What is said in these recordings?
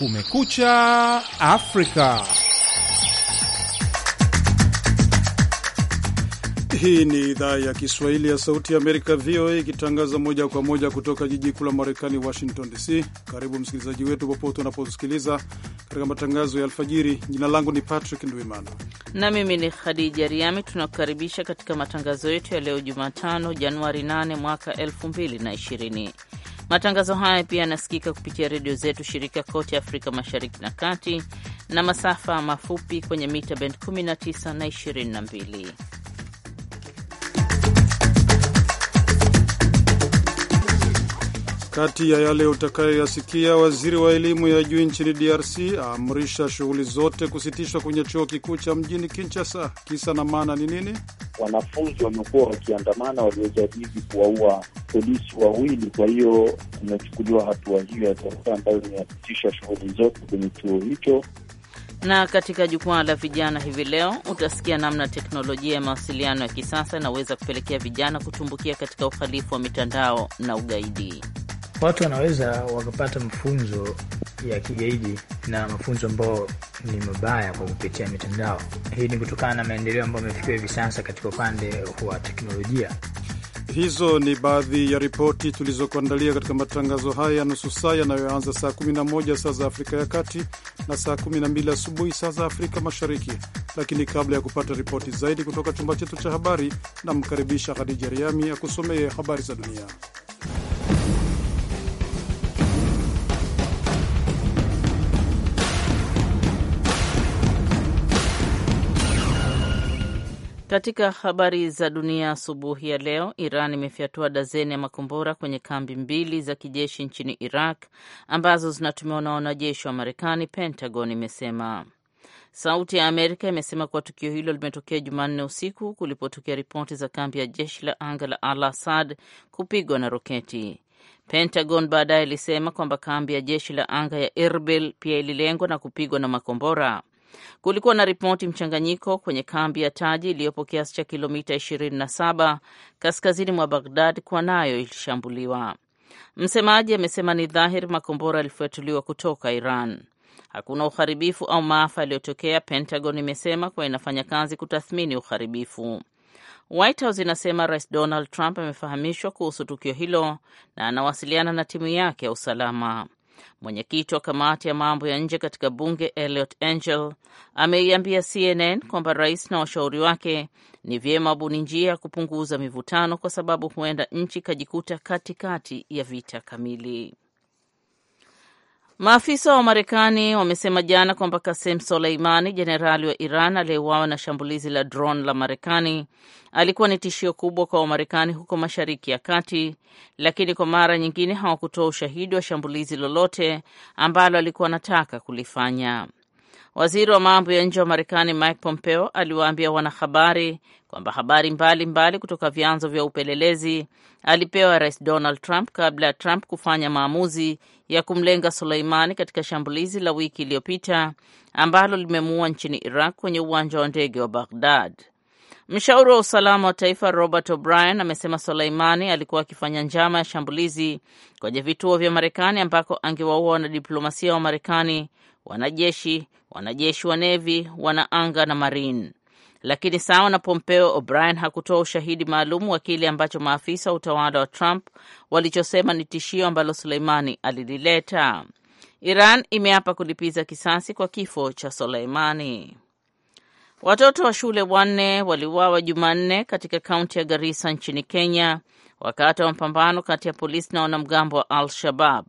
Kumekucha Afrika. Hii ni idhaa ya Kiswahili ya Sauti ya Amerika, VOA, ikitangaza moja kwa moja kutoka jiji kuu la Marekani, Washington DC. Karibu msikilizaji wetu popote unaposikiliza katika matangazo ya alfajiri. Jina langu ni Patrick Ndwimana na mimi ni Khadija Riami. Tunakukaribisha katika matangazo yetu ya leo Jumatano, Januari 8 mwaka 2020. Matangazo haya pia yanasikika kupitia redio zetu shirika kote Afrika Mashariki na Kati na masafa mafupi kwenye mita bend 19 na 22. Kati ya yale utakayoyasikia, waziri wa elimu ya juu nchini DRC aamrisha shughuli zote kusitishwa kwenye chuo kikuu cha mjini Kinshasa. Kisa na maana ni nini? Wanafunzi wamekuwa wakiandamana waliojaribu kuwaua polisi wawili, kwa hiyo imechukuliwa hatua hiyo ya dharura ambayo ni shughuli zote kwenye chuo hicho na katika jukwaa la vijana hivi leo utasikia namna teknolojia ya mawasiliano ya kisasa inaweza kupelekea vijana kutumbukia katika uhalifu wa mitandao na ugaidi watu wanaweza wakapata mafunzo ya kigaidi na mafunzo ambayo ni mabaya kwa kupitia mitandao hii. Ni kutokana na maendeleo ambayo amefikiwa hivi sasa katika upande wa teknolojia. Hizo ni baadhi ya ripoti tulizokuandalia katika matangazo haya ya nusu saa yanayoanza saa 11 saa za Afrika ya Kati na saa 12 asubuhi saa za Afrika Mashariki. Lakini kabla ya kupata ripoti zaidi kutoka chumba chetu cha habari, namkaribisha Khadija Riami akusomee habari za dunia. Katika habari za dunia asubuhi ya leo, Iran imefyatua dazeni ya makombora kwenye kambi mbili za kijeshi nchini Iraq ambazo zinatumiwa na wanajeshi wa Marekani, Pentagon imesema. Sauti ya Amerika imesema kuwa tukio hilo limetokea Jumanne usiku kulipotokea ripoti za kambi ya jeshi la anga la Al Asad kupigwa na roketi. Pentagon baadaye ilisema kwamba kambi ya jeshi la anga ya Erbil pia ililengwa na kupigwa na makombora. Kulikuwa na ripoti mchanganyiko kwenye kambi ya Taji iliyopo kiasi cha kilomita 27 kaskazini mwa Baghdad kuwa nayo ilishambuliwa. Msemaji amesema ni dhahiri makombora yalifuatuliwa kutoka Iran. Hakuna uharibifu au maafa yaliyotokea, Pentagon imesema kuwa inafanya kazi kutathmini uharibifu. White House inasema Rais Donald Trump amefahamishwa kuhusu tukio hilo na anawasiliana na timu yake ya usalama. Mwenyekiti wa kamati ya mambo ya nje katika bunge Eliot angel ameiambia CNN kwamba rais na washauri wake ni vyema wabuni njia ya kupunguza mivutano, kwa sababu huenda nchi ikajikuta katikati ya vita kamili. Maafisa wa Marekani wamesema jana kwamba Kasem Soleimani, jenerali wa Iran aliyeuawa na shambulizi la drone la Marekani, alikuwa ni tishio kubwa kwa Wamarekani huko Mashariki ya Kati, lakini kwa mara nyingine hawakutoa ushahidi wa shambulizi lolote ambalo alikuwa anataka kulifanya. Waziri wa mambo ya nje wa Marekani Mike Pompeo aliwaambia wanahabari kwamba habari mbalimbali mbali kutoka vyanzo vya upelelezi alipewa Rais Donald Trump kabla ya Trump kufanya maamuzi ya kumlenga Suleimani katika shambulizi la wiki iliyopita ambalo limemuua nchini Iraq kwenye uwanja wa ndege wa Baghdad. Mshauri wa usalama wa taifa Robert O'Brien amesema Suleimani alikuwa akifanya njama ya shambulizi kwenye vituo vya Marekani ambako angewaua wanadiplomasia wa Marekani, wanajeshi, wanajeshi wa nevi, wanaanga na marine. Lakini sawa na Pompeo, O'Brien hakutoa ushahidi maalum wa kile ambacho maafisa wa utawala wa Trump walichosema ni tishio ambalo Suleimani alilileta. Iran imeapa kulipiza kisasi kwa kifo cha Soleimani. Watoto wa shule wanne waliuawa Jumanne katika kaunti ya Garissa nchini Kenya wakati wa mapambano kati ya polisi na wanamgambo wa Al-Shabab.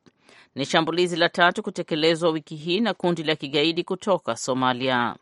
Ni shambulizi la tatu kutekelezwa wiki hii na kundi la kigaidi kutoka Somalia.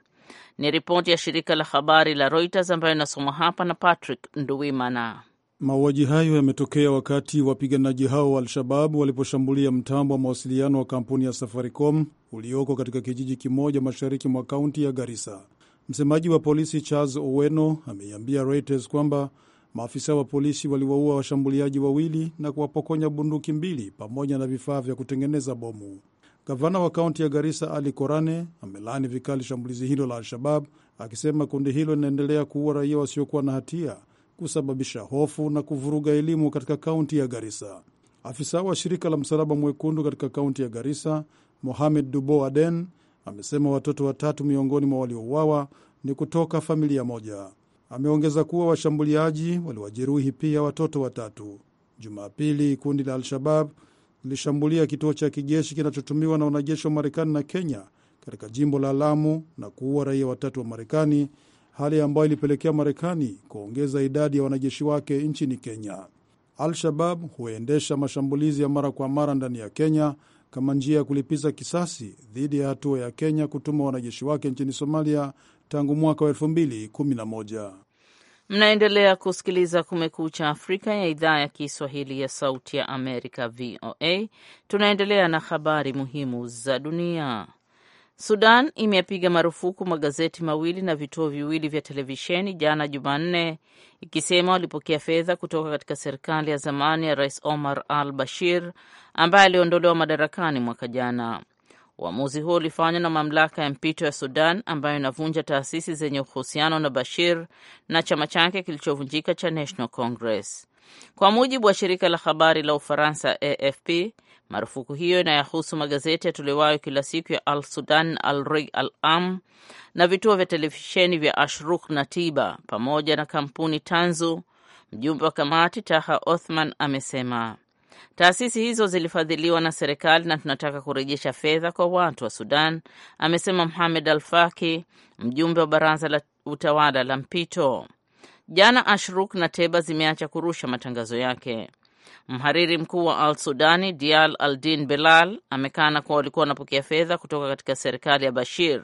Ni ripoti ya shirika la habari la Reuters ambayo inasomwa hapa na Patrick Nduwimana. Mauaji hayo yametokea wakati wapiganaji hao wa Al-Shabab waliposhambulia mtambo wa mawasiliano wa kampuni ya Safaricom ulioko katika kijiji kimoja mashariki mwa kaunti ya Garisa. Msemaji wa polisi Charles Oweno ameiambia Reuters kwamba maafisa wa polisi waliwaua washambuliaji wawili na kuwapokonya bunduki mbili pamoja na vifaa vya kutengeneza bomu. Gavana wa kaunti ya Garisa, Ali Korane amelaani vikali shambulizi hilo la Al-Shabab akisema kundi hilo linaendelea kuua raia wasiokuwa na hatia, kusababisha hofu na kuvuruga elimu katika kaunti ya Garisa. Afisa wa shirika la Msalaba Mwekundu katika kaunti ya Garisa, Mohamed Dubo Aden, amesema watoto watatu miongoni mwa waliouawa ni kutoka familia moja. Ameongeza kuwa washambuliaji waliwajeruhi pia watoto watatu. Jumapili, kundi la Al-Shabab lilishambulia kituo cha kijeshi kinachotumiwa na wanajeshi wa Marekani na Kenya katika jimbo la Lamu na kuua raia watatu wa Marekani, hali ambayo ilipelekea Marekani kuongeza idadi ya wanajeshi wake nchini Kenya. Al-Shabab huendesha mashambulizi ya mara kwa mara ndani ya Kenya kama njia ya kulipiza kisasi dhidi ya hatua ya Kenya kutuma wanajeshi wake nchini Somalia tangu mwaka wa 2011. Mnaendelea kusikiliza Kumekucha Afrika ya idhaa ya Kiswahili ya Sauti ya Amerika, VOA. Tunaendelea na habari muhimu za dunia. Sudan imepiga marufuku magazeti mawili na vituo viwili vya televisheni jana Jumanne, ikisema walipokea fedha kutoka katika serikali ya zamani ya Rais Omar al Bashir ambaye aliondolewa madarakani mwaka jana. Uamuzi huo ulifanywa na mamlaka ya mpito ya Sudan ambayo inavunja taasisi zenye uhusiano na Bashir na chama chake kilichovunjika cha National Congress. Kwa mujibu wa shirika la habari la Ufaransa AFP, marufuku hiyo inayahusu magazeti yatolewayo kila siku ya Al Sudan, Al Rig Al Am na vituo vya televisheni vya Ashruk na Tiba pamoja na kampuni tanzu. Mjumbe wa kamati Taha Othman amesema Taasisi hizo zilifadhiliwa na serikali na tunataka kurejesha fedha kwa watu wa Sudan, amesema mhamed Al-Faki, mjumbe wa baraza la utawala la mpito. Jana Ashruk na Teba zimeacha kurusha matangazo yake. Mhariri mkuu wa Al Sudani Dial Aldin Belal amekana kuwa walikuwa wanapokea fedha kutoka katika serikali ya Bashir.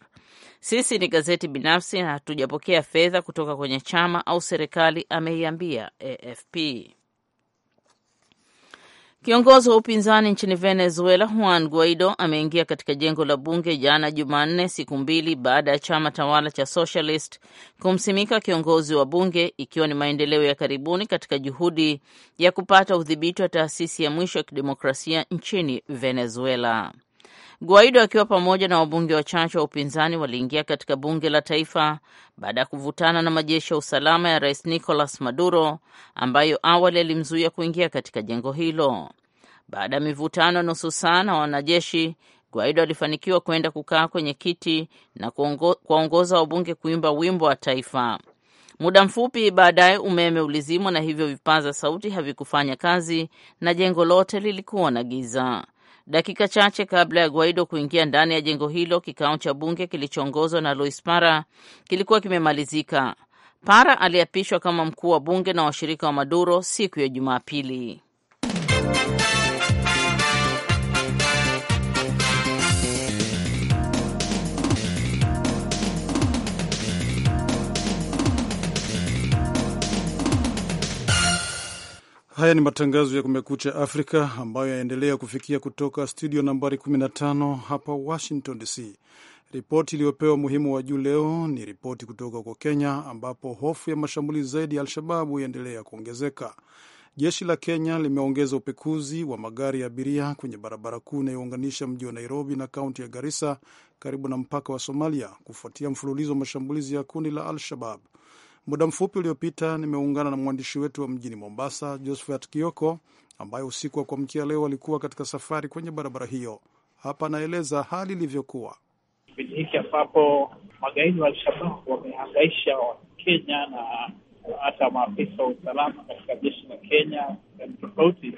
Sisi ni gazeti binafsi na hatujapokea fedha kutoka kwenye chama au serikali, ameiambia AFP. Kiongozi wa upinzani nchini Venezuela Juan Guaido ameingia katika jengo la bunge jana Jumanne, siku mbili baada ya chama tawala cha Socialist kumsimika kiongozi wa bunge, ikiwa ni maendeleo ya karibuni katika juhudi ya kupata udhibiti wa taasisi ya mwisho ya kidemokrasia nchini Venezuela. Guaido akiwa pamoja na wabunge wachache wa upinzani waliingia katika bunge la taifa baada ya kuvutana na majeshi ya usalama ya rais Nicolas Maduro ambayo awali alimzuia kuingia katika jengo hilo. Baada ya mivutano nusu saa na wanajeshi, Guaido alifanikiwa kwenda kukaa kwenye kiti na kuwaongoza wabunge kuimba wimbo wa taifa. Muda mfupi baadaye umeme ulizimwa na hivyo vipaza sauti havikufanya kazi na jengo lote lilikuwa na giza. Dakika chache kabla ya Guaido kuingia ndani ya jengo hilo, kikao cha bunge kilichoongozwa na Luis para kilikuwa kimemalizika. para aliapishwa kama mkuu wa bunge na washirika wa Maduro siku ya Jumapili. Haya ni matangazo ya Kumekucha Afrika ambayo yaendelea kufikia kutoka studio nambari 15 hapa Washington DC. Ripoti iliyopewa umuhimu wa juu leo ni ripoti kutoka huko Kenya, ambapo hofu ya mashambulizi zaidi ya Al-Shababu yaendelea kuongezeka. Jeshi la Kenya limeongeza upekuzi wa magari ya abiria kwenye barabara kuu inayounganisha mji wa Nairobi na kaunti ya Garissa, karibu na mpaka wa Somalia, kufuatia mfululizo wa mashambulizi ya kundi la Al-Shabab. Muda mfupi uliopita nimeungana na mwandishi wetu wa mjini Mombasa, Josephat Kioko, ambaye usiku wa kuamkia leo alikuwa katika safari kwenye barabara hiyo. Hapa anaeleza hali ilivyokuwa kipindi hiki ambapo magaidi wa alshababu wamehangaisha Wakenya na hata maafisa wa usalama katika jeshi la Kenya tofauti.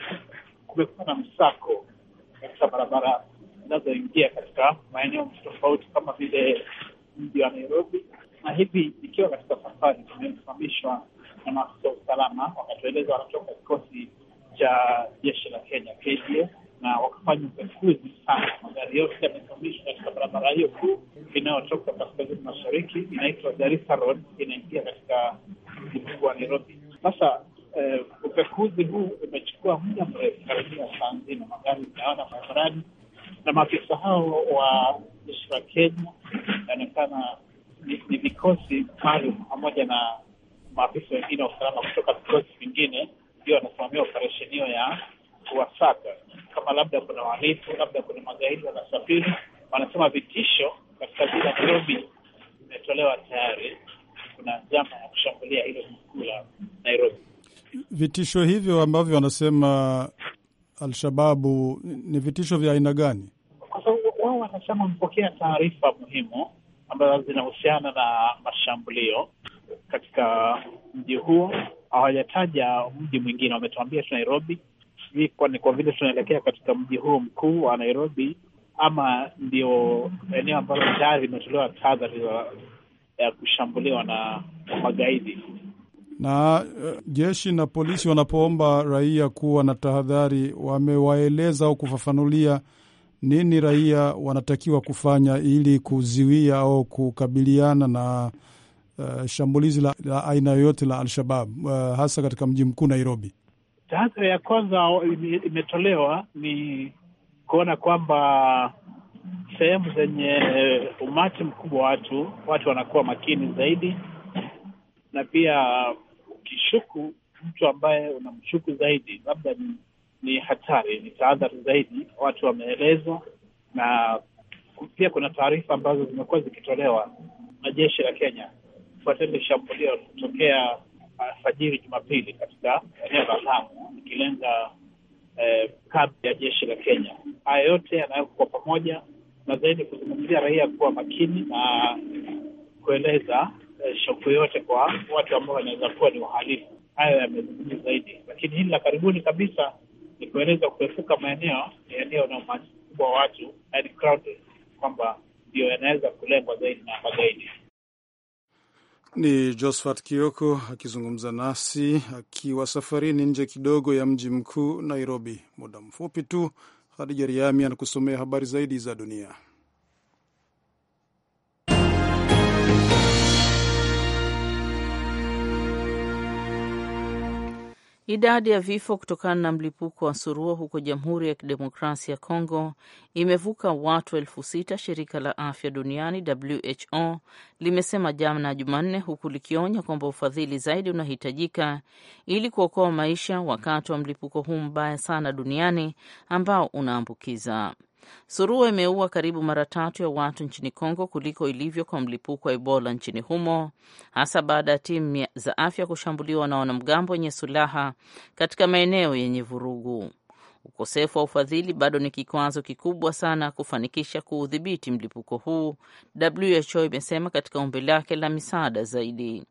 Kumekuwa na msako katika barabara zinazoingia katika maeneo tofauti kama vile mji wa Nairobi na hivi ikiwa katika safari imesimamishwa na maafisa wa usalama, wakatueleza wanatoka kikosi cha jeshi la Kenya KDF na wakafanya upekuzi sana. Magari yote yamesimamishwa katika barabara hiyo kuu inayotoka kaskazini mashariki, inaitwa Garissa Road, inaingia katika mji mkuu wa Nairobi. Sasa eh, upekuzi huu umechukua muda mrefu, karibia saa nzima, magari imeona barabarani, na maafisa hao wa jeshi la Kenya inaonekana ni vikosi maalum pamoja na maafisa wengine wa usalama kutoka vikosi vingine ndio wanasimamia operesheni hiyo ya kuwasaka, kama labda kuna wahalifu, labda kuna magaidi wanasafiri. Wanasema vitisho katika jiji la Nairobi vimetolewa tayari, kuna njama ya kushambulia hilo jiji kuu la Nairobi. Vitisho hivyo ambavyo wanasema Alshababu ni vitisho vya aina gani? Kwa sababu wao wanasema wamepokea taarifa muhimu ambazo zinahusiana na mashambulio katika mji huo. Hawajataja mji mwingine, wametuambia tu Nairobi. Sijui kwa vile tunaelekea katika mji huo mkuu wa Nairobi ama ndio eneo ambalo tayari imetolewa tahadhari ya kushambuliwa na magaidi. Na eh, jeshi na polisi wanapoomba raia kuwa na tahadhari, wamewaeleza au kufafanulia nini raia wanatakiwa kufanya ili kuziwia au kukabiliana na uh, shambulizi la, la aina yoyote la al uh, eh, hasa katika mji mkuu Nairobi? Tahadhari ya kwanza imetolewa ni kuona kwamba sehemu zenye umati mkubwa wa watu watu wanakuwa makini zaidi, na pia ukishuku mtu ambaye unamshuku zaidi, labda ni ni hatari, ni tahadhari zaidi, watu wameelezwa, na pia kuna taarifa ambazo zimekuwa zikitolewa na jeshi la Kenya kufuatia shambulio lilotokea uh, alfajiri Jumapili katika eneo la Lamu ikilenga eh, kambi ya jeshi la Kenya. Haya yote yanawekwa kwa pamoja na zaidi kuzungumzia raia kuwa makini na kueleza eh, shauku yote kwa watu ambao wanaweza kuwa ni wahalifu. Hayo yamezungumzwa zaidi, lakini hili la karibuni kabisa ni kueleza kuepuka maeneo yaliyo na umati mkubwa wa watu, yaani crowded, kwamba ndio yanaweza kulengwa zaidi na magaidi. Ni Josphat Kioko akizungumza nasi akiwa safarini nje kidogo ya mji mkuu Nairobi. Muda mfupi tu, Hadija Riami anakusomea habari zaidi za dunia. Idadi ya vifo kutokana na mlipuko wa surua huko Jamhuri ya Kidemokrasia ya Kongo imevuka watu elfu sita, shirika la afya duniani WHO limesema jana Jumanne, huku likionya kwamba ufadhili zaidi unahitajika ili kuokoa maisha wakati wa mlipuko huu mbaya sana duniani ambao unaambukiza. Surua imeua karibu mara tatu ya watu nchini Kongo kuliko ilivyo kwa mlipuko wa Ebola nchini humo, hasa baada ya timu za afya kushambuliwa na wanamgambo wenye silaha katika maeneo yenye vurugu. Ukosefu wa ufadhili bado ni kikwazo kikubwa sana kufanikisha kuudhibiti mlipuko huu, WHO imesema katika ombi lake la misaada zaidi.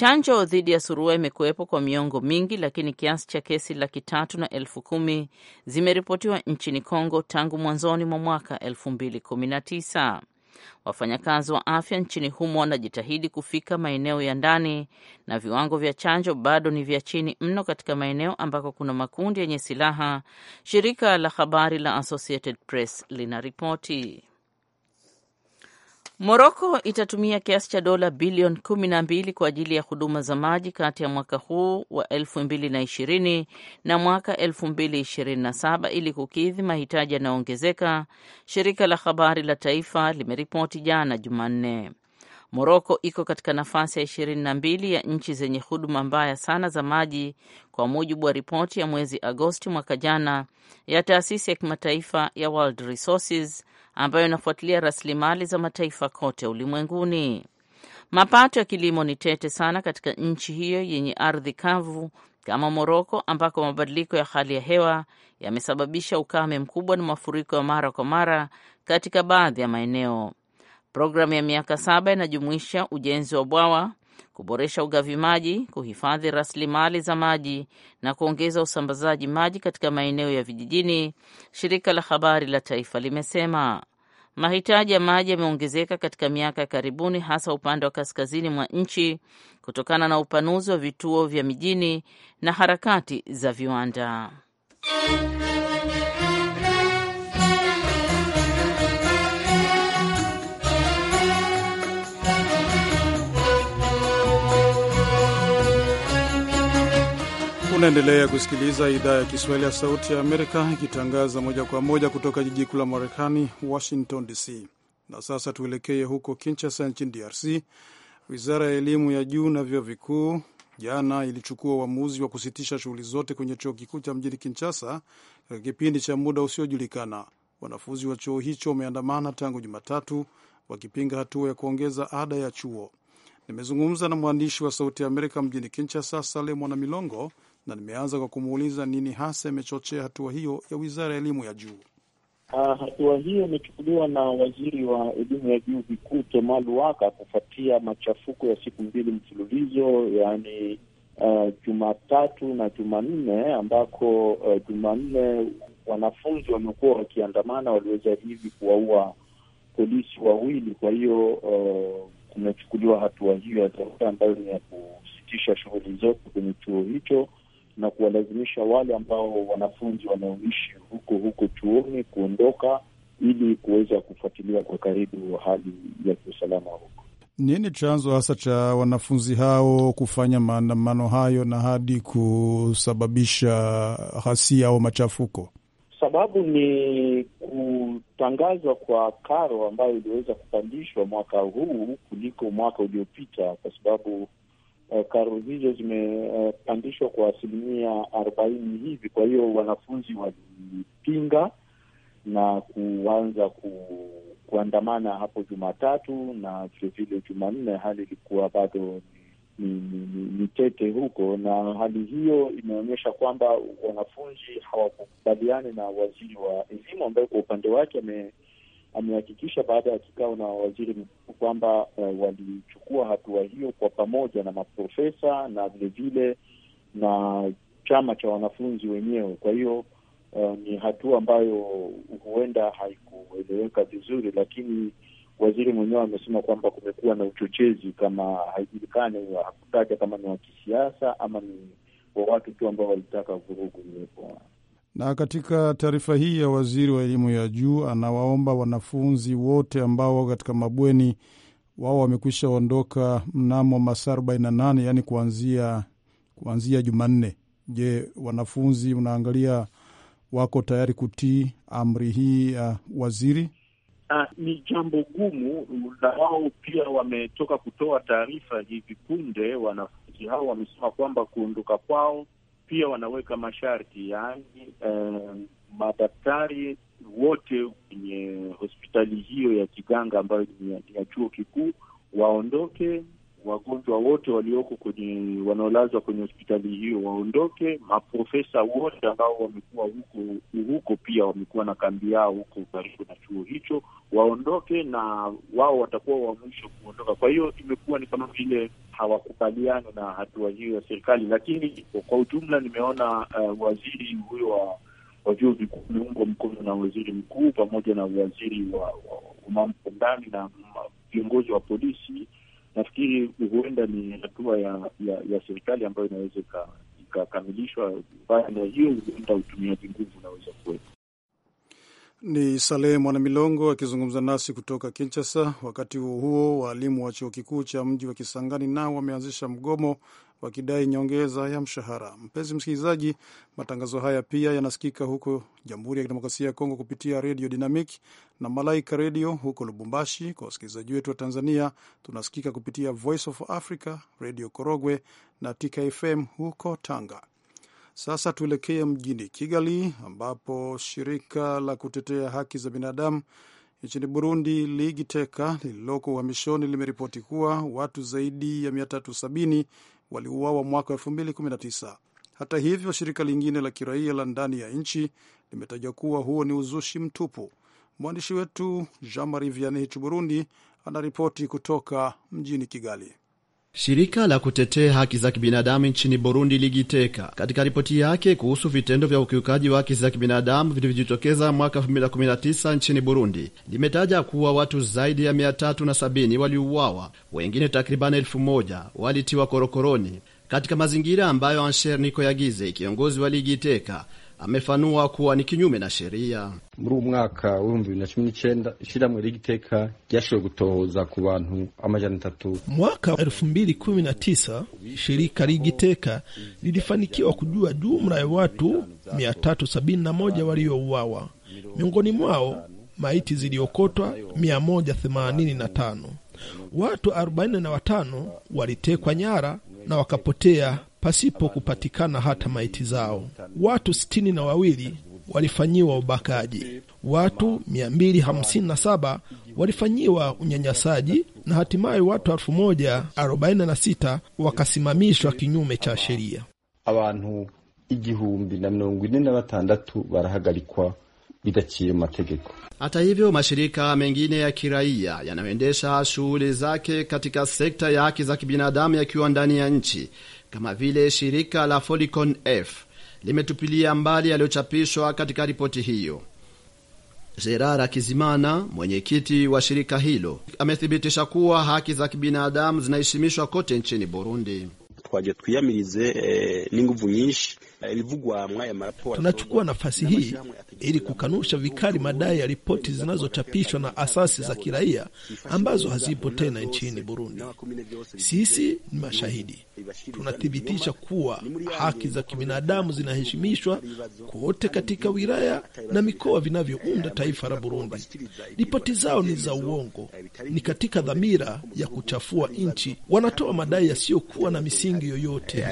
Chanjo dhidi ya surua imekuwepo kwa miongo mingi, lakini kiasi cha kesi laki tatu na elfu kumi zimeripotiwa nchini Kongo tangu mwanzoni mwa mwaka elfu mbili kumi na tisa. Wafanyakazi wa afya nchini humo wanajitahidi kufika maeneo ya ndani na viwango vya chanjo bado ni vya chini mno katika maeneo ambako kuna makundi yenye silaha, shirika la habari la Associated Press linaripoti. Moroko itatumia kiasi cha dola bilioni kumi na mbili kwa ajili ya huduma za maji kati ya mwaka huu wa elfu mbili na ishirini na mwaka elfu mbili ishirini na saba ili kukidhi mahitaji yanayoongezeka, shirika la habari la taifa limeripoti jana Jumanne. Moroko iko katika nafasi ya ishirini na mbili ya nchi zenye huduma mbaya sana za maji kwa mujibu wa ripoti ya mwezi Agosti mwaka jana ya taasisi ya kimataifa ya World Resources ambayo inafuatilia rasilimali za mataifa kote ulimwenguni. Mapato ya kilimo ni tete sana katika nchi hiyo yenye ardhi kavu kama Moroko, ambako mabadiliko ya hali ya hewa yamesababisha ukame mkubwa na mafuriko ya mara kwa mara katika baadhi ya maeneo. Programu ya miaka saba inajumuisha ujenzi wa bwawa, kuboresha ugavi maji, kuhifadhi rasilimali za maji na kuongeza usambazaji maji katika maeneo ya vijijini, shirika la habari la taifa limesema. Mahitaji ya maji yameongezeka katika miaka ya karibuni, hasa upande wa kaskazini mwa nchi kutokana na upanuzi wa vituo vya mijini na harakati za viwanda. Unaendelea kusikiliza idhaa ya Kiswahili ya Sauti ya Amerika ikitangaza moja kwa moja kutoka jiji kuu la Marekani, Washington DC. Na sasa tuelekee huko Kinshasa nchini DRC. Wizara ya elimu ya juu na vyuo vikuu jana ilichukua uamuzi wa kusitisha shughuli zote kwenye chuo kikuu cha mjini Kinshasa katika kipindi cha muda usiojulikana. Wanafunzi wa chuo hicho wameandamana tangu Jumatatu wakipinga hatua ya kuongeza ada ya chuo. Nimezungumza na mwandishi wa Sauti ya Amerika mjini Kinshasa, Sale Mwana Milongo na nimeanza kwa kumuuliza nini hasa imechochea hatua hiyo ya wizara ya elimu ya juu. Uh, hatua hiyo imechukuliwa na waziri wa elimu ya juu vikuu Kemal Waka kufuatia machafuko ya siku mbili mfululizo, yaani uh, Jumatatu na Jumanne, ambako uh, Jumanne wanafunzi wamekuwa wakiandamana waliweza hivi kuwaua polisi wawili. Kwa hiyo uh, kumechukuliwa hatua hiyo ya dharura ambayo ni ya kusitisha shughuli zote kwenye chuo hicho na kuwalazimisha wale ambao wanafunzi wanaoishi huko huko chuoni kuondoka ili kuweza kufuatilia kwa karibu hali ya kiusalama huko. Nini chanzo hasa cha wanafunzi hao kufanya maandamano hayo na hadi kusababisha ghasia au machafuko? Sababu ni kutangazwa kwa karo ambayo iliweza kupandishwa mwaka huu kuliko mwaka uliopita, kwa sababu Eh, karo hizo zimepandishwa kwa asilimia arobaini hivi. Kwa hiyo wanafunzi walipinga na kuanza ku, kuandamana hapo Jumatatu na vilevile Jumanne. Hali ilikuwa bado ni, ni, ni, ni tete huko, na hali hiyo imeonyesha kwamba wanafunzi hawakukubaliani na waziri wa elimu ambaye kwa upande wake ame amehakikisha baada ya kikao na waziri mkuu kwamba uh, walichukua hatua hiyo kwa pamoja na maprofesa na vilevile na chama cha wanafunzi wenyewe. Kwa hiyo uh, ni hatua ambayo huenda haikueleweka vizuri, lakini waziri mwenyewe amesema kwamba kumekuwa na uchochezi, kama haijulikani, hakutaja kama ni wa kisiasa ama ni wa watu tu ambao walitaka vurugu iwepo. Na katika taarifa hii ya waziri wa elimu ya juu, anawaomba wanafunzi wote ambao katika mabweni wao wamekwisha ondoka mnamo masaa 48 yaani kuanzia, kuanzia Jumanne. Je, wanafunzi unaangalia wako tayari kutii amri hii ya uh, waziri? Uh, ni jambo gumu, na wao pia wametoka kutoa taarifa hivi punde. Wanafunzi hao wamesema kwamba kuondoka kwao pia wanaweka masharti yaani, eh, madaktari wote kwenye hospitali hiyo ya kiganga ambayo ni ya chuo kikuu waondoke wagonjwa wote walioko kwenye wanaolazwa kwenye hospitali hiyo waondoke. Maprofesa wote ambao wamekuwa huko huko pia wamekuwa na kambi yao huko karibu na chuo hicho waondoke, na wao watakuwa wa mwisho kuondoka. Kwa hiyo imekuwa ni kama vile hawakubaliani na hatua hiyo ya serikali, lakini kwa ujumla nimeona uh, waziri huyo wa wa vyuo vikuu umeungwa mkono na waziri mkuu pamoja na waziri wa, wa, wa mambo ndani na viongozi wa polisi nafikiri huenda ni hatua ya, ya, ya serikali ambayo inaweza ikakamilishwa. baya na hiyo, huenda utumiaji nguvu unaweza kuwepo. Ni Salehe Mwanamilongo akizungumza nasi kutoka Kinshasa. Wakati huo huo, waalimu wa chuo kikuu cha mji wa Kisangani nao wameanzisha mgomo wakidai nyongeza ya mshahara. Mpenzi msikilizaji, matangazo haya pia yanasikika huko Jamhuri ya Kidemokrasia ya Kongo kupitia Redio Dynamic na Malaika Redio huko Lubumbashi. Kwa wasikilizaji wetu wa Tanzania, tunasikika kupitia Voice of Africa, Redio Korogwe na TKFM huko Tanga. Sasa tuelekee mjini Kigali ambapo shirika la kutetea haki za binadamu nchini Burundi, Ligi Teka lililoko uhamishoni limeripoti kuwa watu zaidi ya 370 waliuawa mwaka 2019. Hata hivyo, shirika lingine la kiraia la ndani ya nchi limetaja kuwa huo ni uzushi mtupu. Mwandishi wetu Jean Marie Vianney Burundi anaripoti kutoka mjini Kigali. Shirika la kutetea haki za kibinadamu nchini Burundi Ligiteka, katika ripoti yake kuhusu vitendo vya ukiukaji wa haki za kibinadamu vilivyojitokeza mwaka 2019 nchini Burundi, limetaja kuwa watu zaidi ya 370 waliuawa, wengine takribani elfu moja walitiwa korokoroni katika mazingira ambayo Ansher Nikoyagize, kiongozi wa Ligiteka, amefanua kuwa ni kinyume na sheria. muri uwu mwaka w'ibihumbi bibiri na cumi n'icenda ishirahamwe ry'igiteka ryashoboye gutohoza ku bantu amajana atatu. Mwaka elfu mbili kumi na tisa shirika rigiteka lilifanikiwa kujua jumla ya watu mia tatu sabini na moja waliouawa, miongoni mwao maiti ziliokotwa mia moja themanini na tano watu arobaini na watano walitekwa nyara na wakapotea pasipo kupatikana hata maiti zao. Watu sitini na wawili walifanyiwa ubakaji, watu 257 walifanyiwa unyanyasaji na hatimaye watu 1046 wakasimamishwa kinyume cha sheria. Abantu igihumbi na mirongo ine na batandatu barahagarikwa idaciye mu mategeko. Hata hivyo, mashirika mengine ya kiraia yanayoendesha shughuli zake katika sekta ya haki za kibinadamu yakiwa ndani ya nchi kama vile shirika la Folicon F limetupilia mbali yaliyochapishwa katika ripoti hiyo. Gerard Akizimana, mwenyekiti wa shirika hilo, amethibitisha kuwa haki za kibinadamu zinaheshimishwa kote nchini Burundi. twaje twiyamirize eh, nguvu nyinshi Eh, Tunachukua nafasi hii ili kukanusha vikali madai ya ripoti zinazochapishwa na asasi za kiraia ambazo hazipo tena nchini Burundi. Sisi ni mashahidi, tunathibitisha kuwa haki za kibinadamu zinaheshimishwa kote katika wilaya na mikoa vinavyounda taifa la Burundi. Ripoti zao ni za uongo, ni katika dhamira ya kuchafua nchi. Wanatoa madai yasiyokuwa na misingi yoyote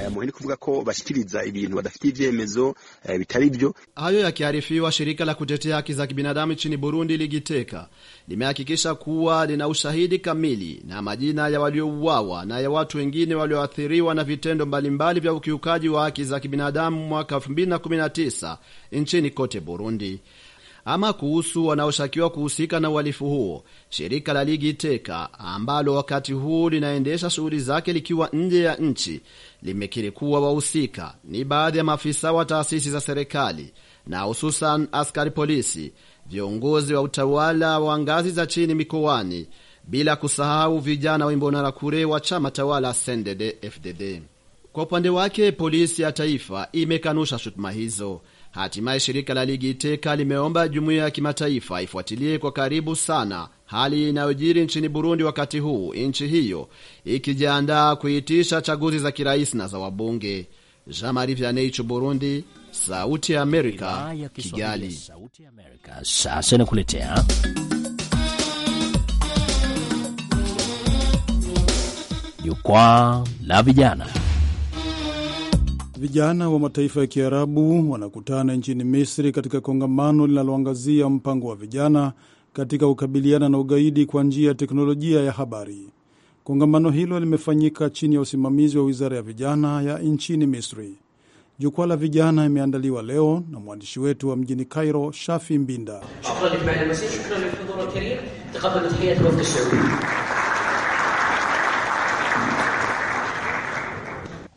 kufikia ibyemezo eh, bitari byo. Hayo yakiarifiwa, shirika la kutetea haki za kibinadamu nchini Burundi Ligiteka limehakikisha kuwa lina ushahidi kamili na majina ya waliouawa na ya watu wengine walioathiriwa na vitendo mbalimbali vya ukiukaji wa haki za kibinadamu mwaka 2019 nchini kote Burundi ama kuhusu wanaoshukiwa kuhusika na uhalifu huo. Shirika la Ligi Teka ambalo wakati huu linaendesha shughuli zake likiwa nje ya nchi limekiri kuwa wahusika ni baadhi ya maafisa wa taasisi za serikali na hususan askari polisi, viongozi wa utawala wa ngazi za chini mikoani, bila kusahau vijana wa Imbonerakure wa chama tawala CNDD-FDD. Kwa upande wake polisi ya taifa imekanusha shutuma hizo. Hatimaye shirika la ligi Iteka limeomba jumuiya ya kimataifa ifuatilie kwa karibu sana hali inayojiri nchini Burundi, wakati huu nchi hiyo ikijiandaa kuitisha chaguzi za kirais na za wabunge. Burundi, Sauti ya Amerika, Kigali. Sasa inakuletea jukwaa la vijana. Vijana wa mataifa ya Kiarabu wanakutana nchini Misri katika kongamano linaloangazia mpango wa vijana katika kukabiliana na ugaidi kwa njia ya teknolojia ya habari. Kongamano hilo limefanyika chini ya usimamizi wa wizara ya vijana ya nchini Misri. Jukwaa la vijana imeandaliwa leo na mwandishi wetu wa mjini Cairo, Shafi Mbinda.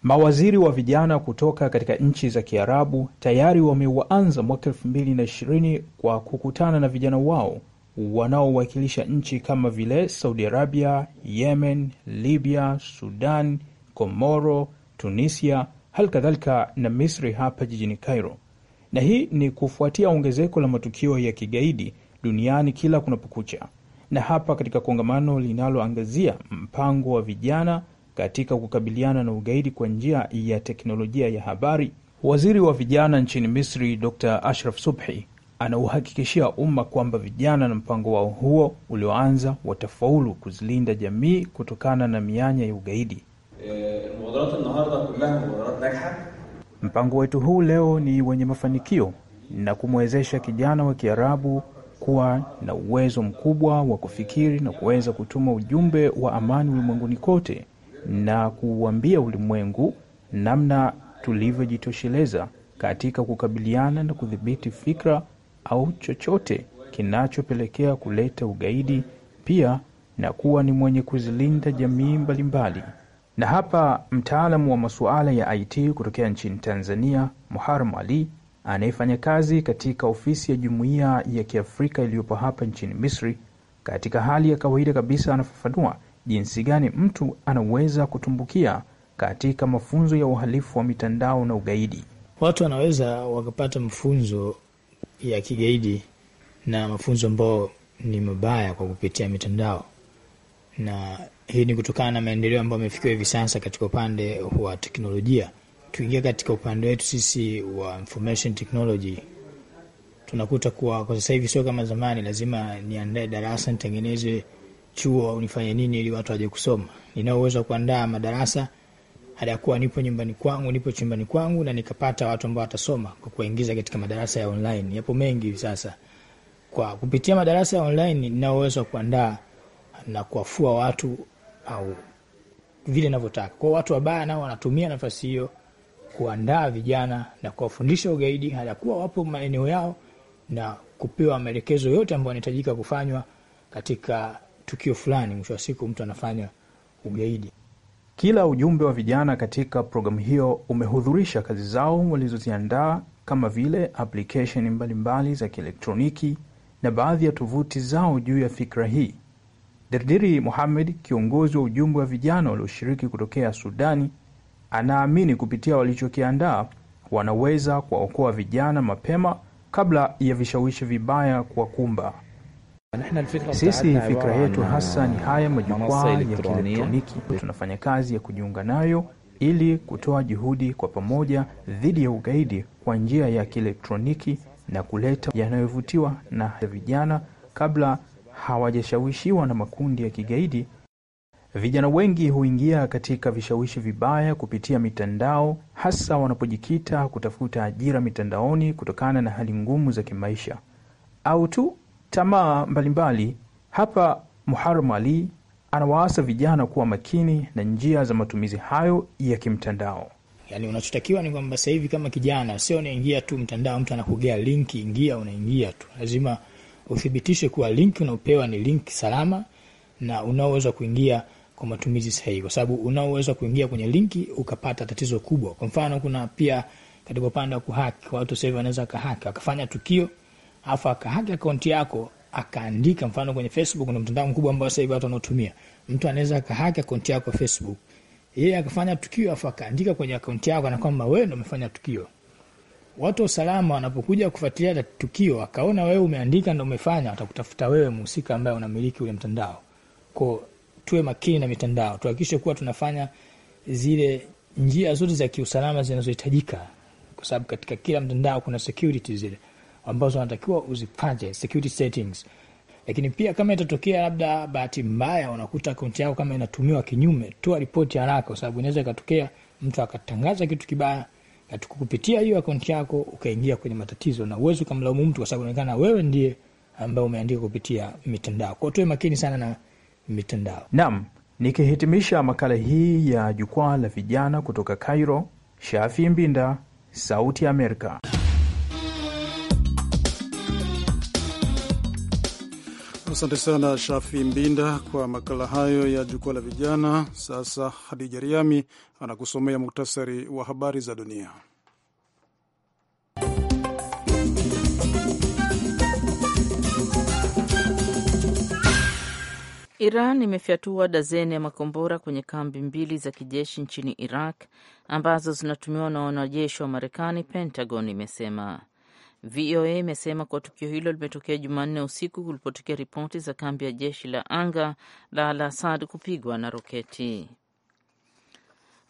Mawaziri wa vijana kutoka katika nchi za Kiarabu tayari wameuanza mwaka elfu mbili na ishirini kwa kukutana na vijana wao wanaowakilisha nchi kama vile Saudi Arabia, Yemen, Libya, Sudan, Komoro, Tunisia, hali kadhalika na Misri hapa jijini Cairo. Na hii ni kufuatia ongezeko la matukio ya kigaidi duniani kila kunapokucha. Na hapa katika kongamano linaloangazia mpango wa vijana katika kukabiliana na ugaidi kwa njia ya teknolojia ya habari. Waziri wa vijana nchini Misri Dr Ashraf Subhi anauhakikishia umma kwamba vijana na mpango wao huo ulioanza watafaulu kuzilinda jamii kutokana na mianya ya ugaidi. Mpango wetu huu leo ni wenye mafanikio na kumwezesha kijana wa Kiarabu kuwa na uwezo mkubwa wa kufikiri na kuweza kutuma ujumbe wa amani ulimwenguni kote na kuuambia ulimwengu namna tulivyojitosheleza katika kukabiliana na kudhibiti fikra au chochote kinachopelekea kuleta ugaidi, pia na kuwa ni mwenye kuzilinda jamii mbalimbali. Na hapa mtaalamu wa masuala ya IT kutokea nchini Tanzania, Muharram Ali anayefanya kazi katika ofisi ya jumuiya ya Kiafrika iliyopo hapa nchini Misri, katika hali ya kawaida kabisa anafafanua jinsi gani mtu anaweza kutumbukia katika mafunzo ya uhalifu wa mitandao na ugaidi. Watu wanaweza wakapata mafunzo ya kigaidi na mafunzo ambayo ni mabaya kwa kupitia mitandao, na hii ni kutokana na maendeleo ambayo amefikiwa hivi sasa katika upande wa teknolojia. Tuingia katika upande wetu sisi wa information technology, tunakuta kuwa kwa sasa hivi sio kama zamani, lazima niandae darasa, nitengeneze chuo unifanye nini ili watu waje kusoma. Nina uwezo wa kuandaa madarasa hali ya kuwa nipo nyumbani kwangu, nipo chumbani kwangu na nikapata watu ambao watasoma kwa kuwaingiza katika madarasa ya online. Yapo mengi hivi sasa. Kwa kupitia madarasa ya online nina uwezo wa kuandaa na kuwafua watu au vile navyotaka. Kwa watu wabaya nao wanatumia nafasi hiyo kuandaa vijana na kuwafundisha ugaidi hali ya kuwa wapo maeneo yao na kupewa maelekezo yote ambayo yanahitajika kufanywa katika tukio fulani, mwisho wa siku mtu anafanya ugaidi. Kila ujumbe wa vijana katika programu hiyo umehudhurisha kazi zao walizoziandaa kama vile application mbalimbali za kielektroniki na baadhi ya tovuti zao juu ya fikra hii. Derdiri Muhamed, kiongozi wa ujumbe wa vijana walioshiriki kutokea Sudani, anaamini kupitia walichokiandaa wanaweza kuwaokoa vijana mapema kabla ya vishawishi vibaya kuwakumba. Sisi fikra yetu hasa ni haya majukwaa ya kielektroniki, tunafanya kazi ya kujiunga nayo ili kutoa juhudi kwa pamoja dhidi ya ugaidi kwa njia ya kielektroniki na kuleta yanayovutiwa na vijana kabla hawajashawishiwa na makundi ya kigaidi. Vijana wengi huingia katika vishawishi vibaya kupitia mitandao, hasa wanapojikita kutafuta ajira mitandaoni kutokana na hali ngumu za kimaisha au tu tamaa mbalimbali. Hapa Muharram Ali anawaasa vijana kuwa makini na njia za matumizi hayo ya kimtandao. Yani, unachotakiwa ni kwamba sasa hivi kama kijana, sio unaingia tu mtandao, mtu anakugea linki, ingia, unaingia tu. Lazima uthibitishe kuwa linki unaopewa ni linki salama na unaoweza kuingia kwa matumizi sahihi, kwa sababu unaoweza kuingia kwenye linki ukapata tatizo kubwa. Kwa mfano, kuna pia katika upande wa kuhaki, watu sasa hivi wanaweza kahaki wakafanya tukio afu akahaki akaunti yako akaandika, mfano kwenye Facebook kuna mtandao mkubwa ambao sasa hivi watu wanaotumia, mtu anaweza akahaki akaunti yako Facebook, yeye akafanya tukio afu akaandika kwenye akaunti yako na kwamba wewe ndio umefanya tukio. Watu wa usalama wanapokuja kufuatilia tukio, akaona wewe umeandika ndio umefanya, watakutafuta wewe mhusika ambaye unamiliki ule mtandao. Kwa tuwe makini na mitandao, tuhakikishe kuwa tunafanya zile njia zote za kiusalama zinazohitajika, kwa sababu katika kila mtandao kuna security zile ambazo wanatakiwa uzifanye security settings. Lakini pia kama itatokea labda bahati mbaya unakuta akaunti yako kama inatumiwa kinyume, toa ripoti haraka, kwa sababu inaweza ikatokea mtu akatangaza kitu kibaya kupitia hiyo akaunti yako ukaingia kwenye matatizo, na uwezi ukamlaumu mtu, kwa sababu inaonekana wewe ndiye ambaye umeandika kupitia mitandao. Kwa tuwe makini sana na mitandao. Naam, nikihitimisha makala hii ya jukwaa la vijana kutoka Cairo, Shafi Mbinda, Sauti ya Amerika. Asante sana Shafi Mbinda kwa makala hayo ya jukwaa la vijana. Sasa Hadija Riami anakusomea muktasari wa habari za dunia. Iran imefyatua dazeni ya makombora kwenye kambi mbili za kijeshi nchini Iraq ambazo zinatumiwa na wanajeshi wa Marekani, Pentagon imesema. VOA imesema kuwa tukio hilo limetokea Jumanne usiku kulipotokea ripoti za kambi ya jeshi la anga la Al Asad kupigwa na roketi.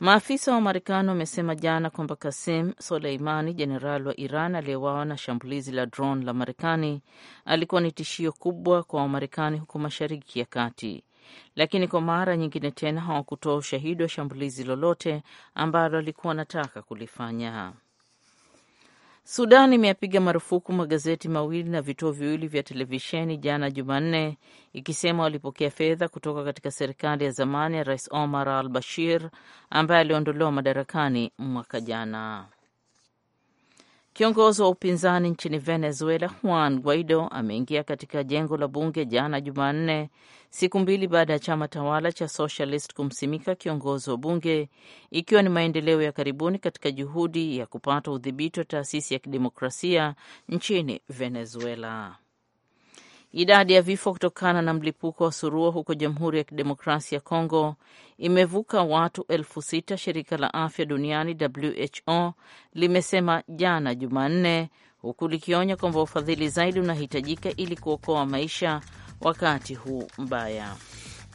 Maafisa wa Marekani wamesema jana kwamba Kasim Soleimani, jenerali wa Iran aliyewawa na shambulizi la drone la Marekani, alikuwa ni tishio kubwa kwa Wamarekani huko Mashariki ya Kati, lakini kwa mara nyingine tena hawakutoa ushahidi wa shambulizi lolote ambalo alikuwa anataka kulifanya. Sudan imeyapiga marufuku magazeti mawili na vituo viwili vya televisheni jana Jumanne, ikisema walipokea fedha kutoka katika serikali ya zamani ya Rais Omar al Bashir ambaye aliondolewa madarakani mwaka jana. Kiongozi wa upinzani nchini Venezuela Juan Guaido ameingia katika jengo la bunge jana Jumanne siku mbili baada ya chama tawala cha Socialist kumsimika kiongozi wa bunge, ikiwa ni maendeleo ya karibuni katika juhudi ya kupata udhibiti wa taasisi ya kidemokrasia nchini Venezuela. Idadi ya vifo kutokana na mlipuko wa surua huko Jamhuri ya Kidemokrasia ya Kongo imevuka watu elfu sita, shirika la afya duniani WHO limesema jana Jumanne, huku likionya kwamba ufadhili zaidi unahitajika ili kuokoa maisha wakati huu mbaya.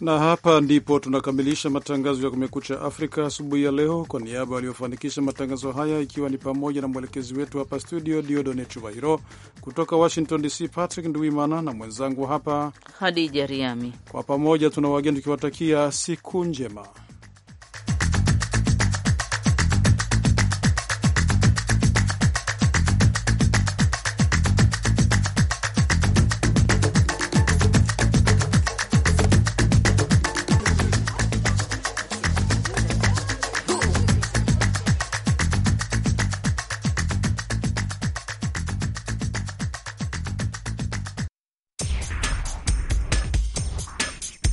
Na hapa ndipo tunakamilisha matangazo ya Kumekucha Afrika asubuhi ya leo. Kwa niaba waliofanikisha matangazo haya, ikiwa ni pamoja na mwelekezi wetu hapa studio Diodone Chubahiro, kutoka Washington DC Patrick Ndwimana na mwenzangu hapa Hadija Riami, kwa pamoja tuna wageni tukiwatakia siku njema.